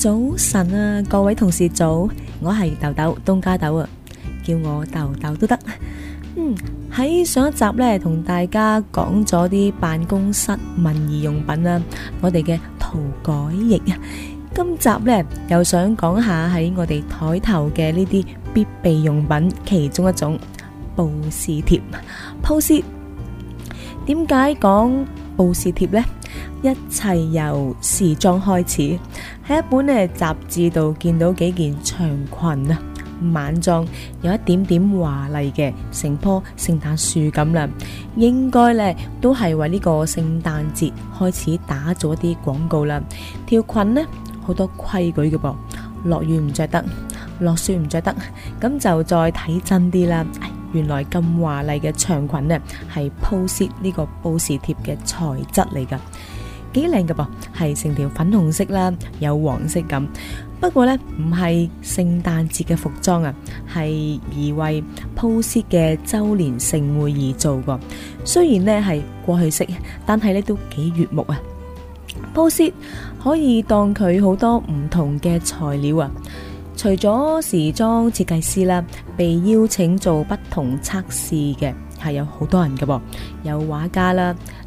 早晨啊，各位同事早，我係豆豆東加豆啊，叫我豆豆都得。嗯，喺上一集呢，同大家講咗啲辦公室文儀用品啦，我哋嘅塗改液啊，今集呢又想講下喺我哋枱頭嘅呢啲必備用品其中一種報事貼，報事，點解講報事貼呢？一切由時裝開始，喺一本咧雜誌度見到幾件長裙啊，晚裝有一點點華麗嘅，成棵聖誕樹咁啦，應該呢，都係為呢個聖誕節開始打咗啲廣告啦。條裙呢，好多規矩嘅噃，落雨唔着得，落雪唔着得，咁就再睇真啲啦。原來咁華麗嘅長裙呢，係鋪設呢個報事貼嘅材質嚟噶。幾靚㗎噃，係成條粉紅色啦，有黃色咁。不過呢，唔係聖誕節嘅服裝啊，係而為 Post-it 嘅周年盛會而做噶。雖然呢係過去式，但係呢都幾悅目啊。Post-it 可以當佢好多唔同嘅材料啊。除咗時裝設計師啦，被邀請做不同測試嘅係有好多人㗎噃，有畫家啦。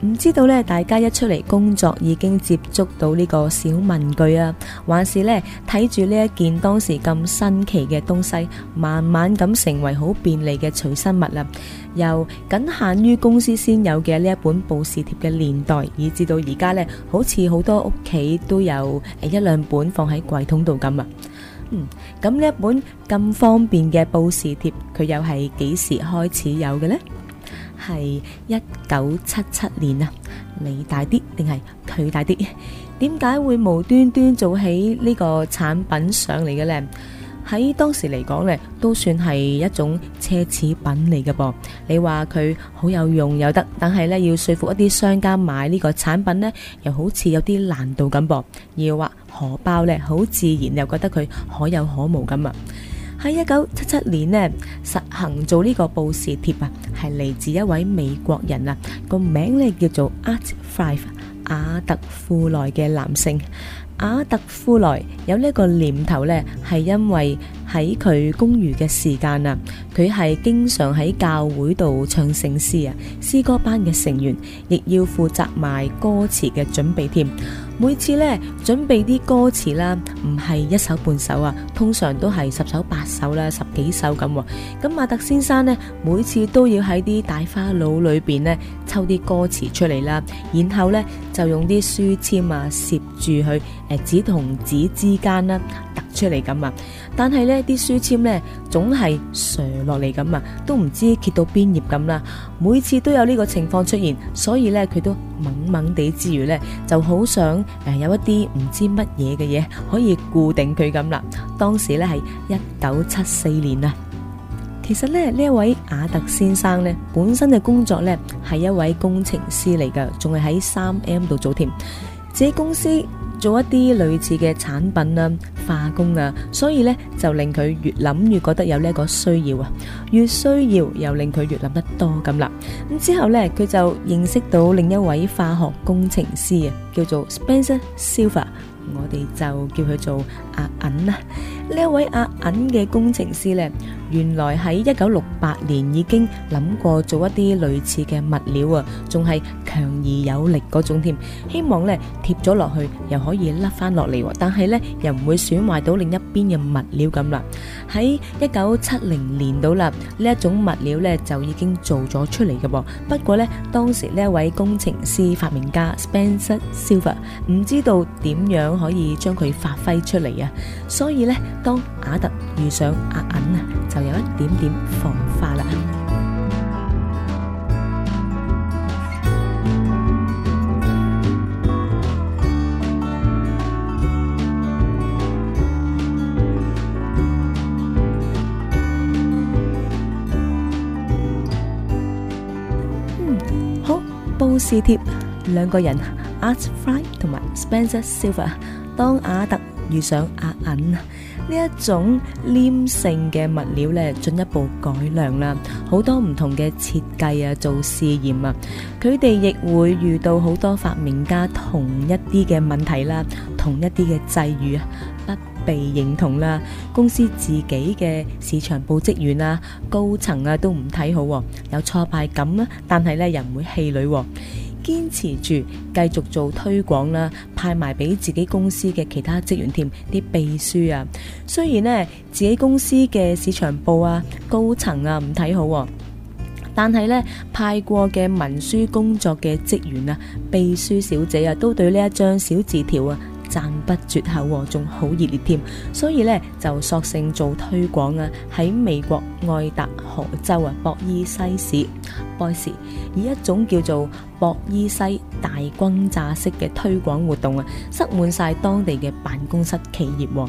唔知道呢，大家一出嚟工作已經接觸到呢個小文具啊，還是呢？睇住呢一件當時咁新奇嘅東西，慢慢咁成為好便利嘅隨身物啦。由僅限於公司先有嘅呢一本報事貼嘅年代，以至到而家呢，好似好多屋企都有一兩本放喺櫃桶度咁啊。嗯，咁呢一本咁方便嘅報事貼，佢又係幾時開始有嘅呢？係一九七七年啊，你大啲定係佢大啲？點解會無端端做起呢個產品上嚟嘅呢？喺當時嚟講呢，都算係一種奢侈品嚟嘅噃。你話佢好有用又得，但係呢，要說服一啲商家買呢個產品呢，又好似有啲難度咁噃。要話荷包呢，好自然又覺得佢可有可無咁啊。喺一九七七年呢，實行做呢個報事貼啊，係嚟自一位美國人啊，個名咧叫做 Art Fry 亞特富萊嘅男性。亞特富萊有呢一個念頭呢，係因為。喺佢公寓嘅時間啊，佢係經常喺教會度唱聖詩啊，詩歌班嘅成員亦要負責埋歌詞嘅準備添。每次呢，準備啲歌詞啦，唔係一首半首啊，通常都係十首八首啦，十幾首咁。咁馬特先生呢，每次都要喺啲大花腦裏邊呢，抽啲歌詞出嚟啦，然後呢，就用啲書籤啊攝住去誒紙同紙之間啦。出嚟咁啊！但係呢啲書籤呢，總係垂落嚟咁啊，都唔知揭到邊頁咁啦。每次都有呢個情況出現，所以呢，佢都懵懵地之餘呢，就好想誒有一啲唔知乜嘢嘅嘢可以固定佢咁啦。當時呢係一九七四年啊。其實呢，呢一位亞特先生呢，本身嘅工作呢，係一位工程師嚟噶，仲係喺三 M 度做添，自己公司。做一啲類似嘅產品啊，化工啊，所以咧就令佢越諗越覺得有呢個需要啊，越需要又令佢越諗得多咁啦。咁之後咧，佢就認識到另一位化學工程師啊，叫做 Spencer Silver。我哋就叫佢做阿銀啦。呢一位阿銀嘅工程師咧，原來喺一九六八年已經諗過做一啲類似嘅物料啊，仲係強而有力嗰種添。希望咧貼咗落去又可以甩翻落嚟，但係咧又唔會損壞到另一邊嘅物料咁啦。喺一九七零年到啦，呢一種物料咧就已經做咗出嚟嘅。不過咧，當時呢一位工程師發明家 Spencer Silver 唔知道點樣。可以將佢發揮出嚟啊！所以呢，當阿特遇上阿銀啊，就有一點點防化啦。嗯，好，報事貼，兩個人。Art Fry 同埋 Spencer Silver，當阿特遇上阿銀啊，呢一種黏性嘅物料咧，進一步改良啦，好多唔同嘅設計啊，做試驗啊，佢哋亦會遇到好多發明家同一啲嘅問題啦，同一啲嘅際遇啊，不被認同啦，公司自己嘅市場部職員啊，高層啊都唔睇好，有挫敗感啦，但係咧又唔會氣餒。堅持住，繼續做推廣啦，派埋俾自己公司嘅其他職員添啲秘書啊。雖然呢，自己公司嘅市場部啊、高層啊唔睇好，但係呢，派過嘅文書工作嘅職員啊、秘書小姐啊，都對呢一張小字條啊。讚不絕口，仲好熱烈添，所以咧就索性做推廣啊！喺美國愛達荷州啊，博伊西市，Boise，以一種叫做博伊西大轟炸式嘅推廣活動啊，塞滿晒當地嘅辦公室企業喎。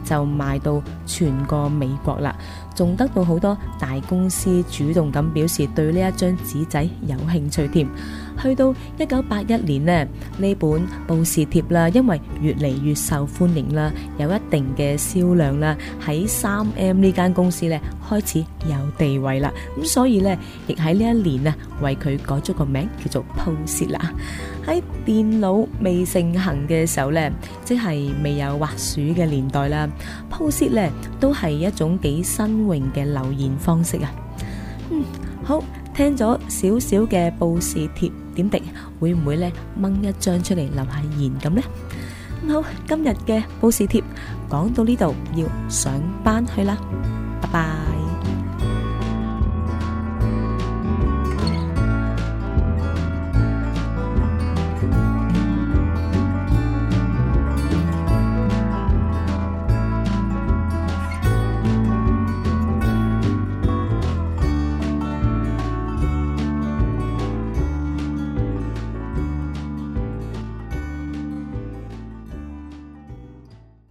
就賣到全個美國啦，仲得到好多大公司主動咁表示對呢一張紙仔有興趣添。去到一九八一年咧，呢本報事貼啦，因為越嚟越受歡迎啦，有一定嘅銷量啦，喺三 M 呢間公司咧開始有地位啦，咁所以咧亦喺呢一年啊，為佢改咗個名叫做 Post-it 啦。喺電腦未盛行嘅時候咧，即係未有滑鼠嘅年代啦，Post-it 咧都係一種幾新穎嘅留言方式啊。嗯，好聽咗少少嘅報事貼。點滴會唔會呢？掹一張出嚟留下言咁咧？好，今日嘅報事貼講到呢度，要上班去啦，拜拜。